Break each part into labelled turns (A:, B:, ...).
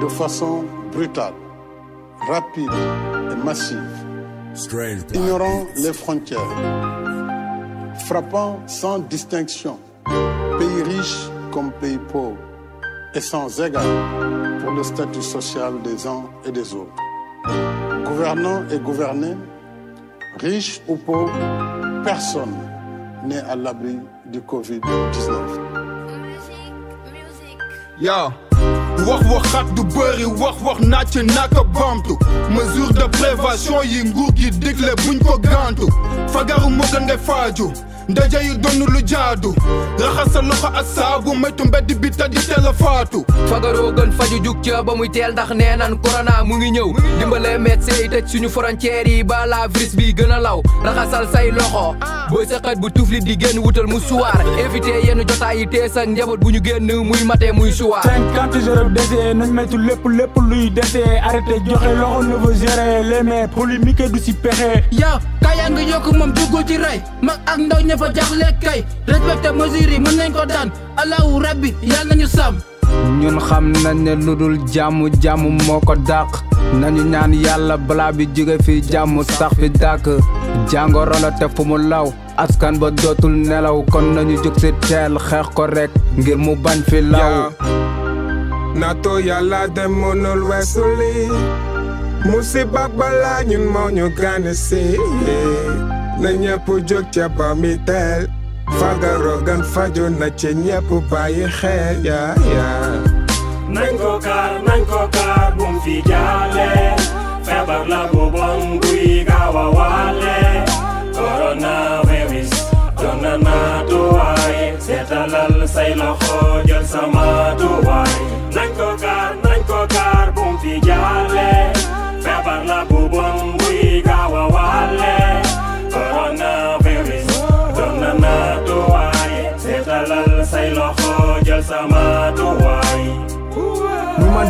A: de façon brutale, rapide et massive, ignorant les frontières, frappant sans distinction pays riches comme pays pauvres et sans égard pour le statut social des uns et des autres. Gouvernant et gouverné, riche ou pauvre, personne n'est à l'abri du covid wax waxaat du bëri wax wax naa ci naka bamtu mesure de prévention yi nguur gi digle buñ ko gantu fagaru moo gën ngay faaju ndaje yu doon lu jaadu raxas sa loxo ak saabu mbedd bi te di a faatu fagaroo gën faju jug ca ba muy teel ndax nee nan corona mu ngi ñëw dimbale médecin yi tëj suñu frontières yi ba la virus bi gën a law raxasal say loxo ah. booy sa xet bu tufli di génn wutal mu suwaar évité yenn jotaay yi tees njaboot bu ñu génn muy matee muy suwaar cinquante jours dese nañ maytu lépp lépp luy dese arrêté joxe loxo nouveau géré les mains du si pexe yaa kaa yaa yokk moom duggul ci rey dafa jaaxle kay respecté mesures yi mën nañ ko daan allahu rabbi yàlla nañu sàmm ñun xam nañ ne lu dul jàmm jàmm moo ko dàq nañu ñaan yàlla balaa bi jóge fi jàmm sax fi dàkk jàngoro te fu mu law askan ba dootul nelaw kon nañu jóg si teel xeex ko rek ngir mu bañ fi law nattu yàlla dem mënul weesu lii musiba balaa ñun moo ñu gane si na ñëpp jóg ca ba mi teel fagaro gan fajo na ci ñëpp bàyyi xel yaa yaa nañ ko kaar nañ kaar bu mu fi jaale feebar la bu bon buy gaaw a waale coronavirus doon na naatuwaay seetalal say loxo jël sa maatu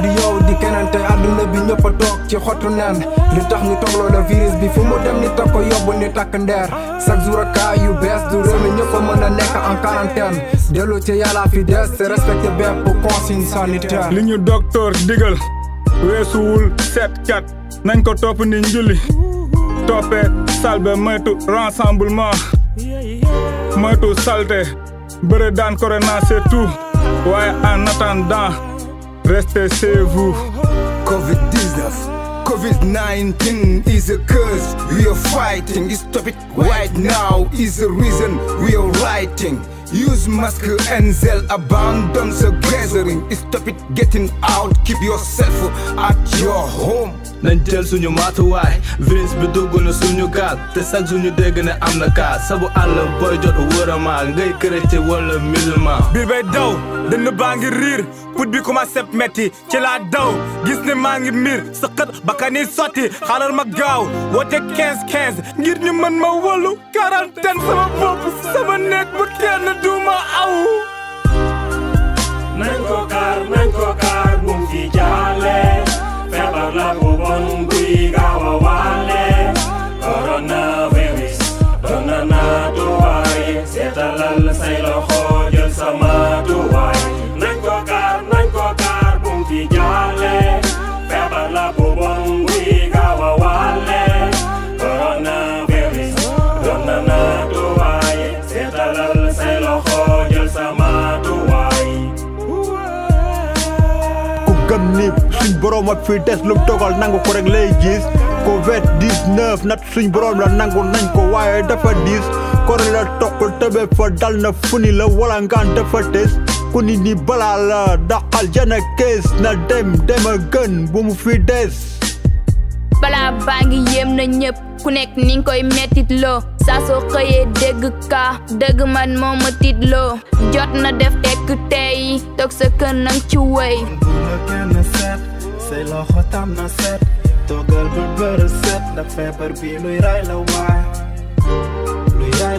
A: di yow di keneen tey àdduna bi ñëpp a toog ci xottu neen li tax ñu togloo la bi fu mu dem ni takk ko yóbbu ni takk ndeer chaque jour ak bees du réew mi a mën a nekk en quarantaine dellu ci yàlla fi des te respecté bépp consigne sanitaire li ñu docteur digal weesuwul seet kat nañ ko topp ni njulli toppee salbe moytu rassemblement moytu salte bëre daan corona c'est tout waaye en attendant restez chez vous. COVID-19, COVID-19 is a curse. We are fighting. Stop it right now is the reason we are writing. Use mask and zeal, abandon the Stop it getting out. Keep yourself at your home. nañ jël suñu matuwaay virus bi dugg na suñu gaal te sax suñu dégg ne am na kaa sabu àll booy jot wëramaal ngay chrétien wala musulman biir bay daw dënn baa ngi riir put bi commencé metti ci laa daw gis ne maa ngi miir sëqët bakkani sotti xaaral ma gaaw woote 15 15 ngir ñu mën ma wolu quarantaine sama bopp sama nekk bu kenn du ma aw nañ ko 冲归高。borom ak fii des lu dogal nangu ko rek lay gis covid 19 nat suñ borom la nangu nañ ko waaye dafa diis ko la toqul tëbe fa dal na funi la wala ngaan dafa des ku ni ni balaa la daqal jana kees na dem dema gën bu mu fi des balaa baa ngi yéem na ñëpp ku nekk ni nga koy mettit loo saa soo xëyee dégg ka dégg man moo ma tit loo jot na def tekk tey toog sa kën nang ci wéy say loxo tam na set toggal bul bërë set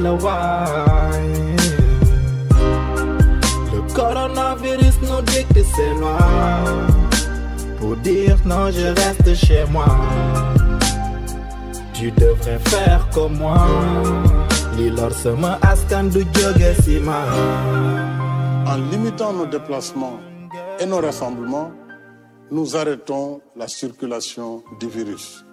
A: le coronavirus nous dit que moi tu devrais faire comme moi li lor askan du jóge si ma en limitant nos déplacements et nos rassemblements nous arrêtons la circulation du virus.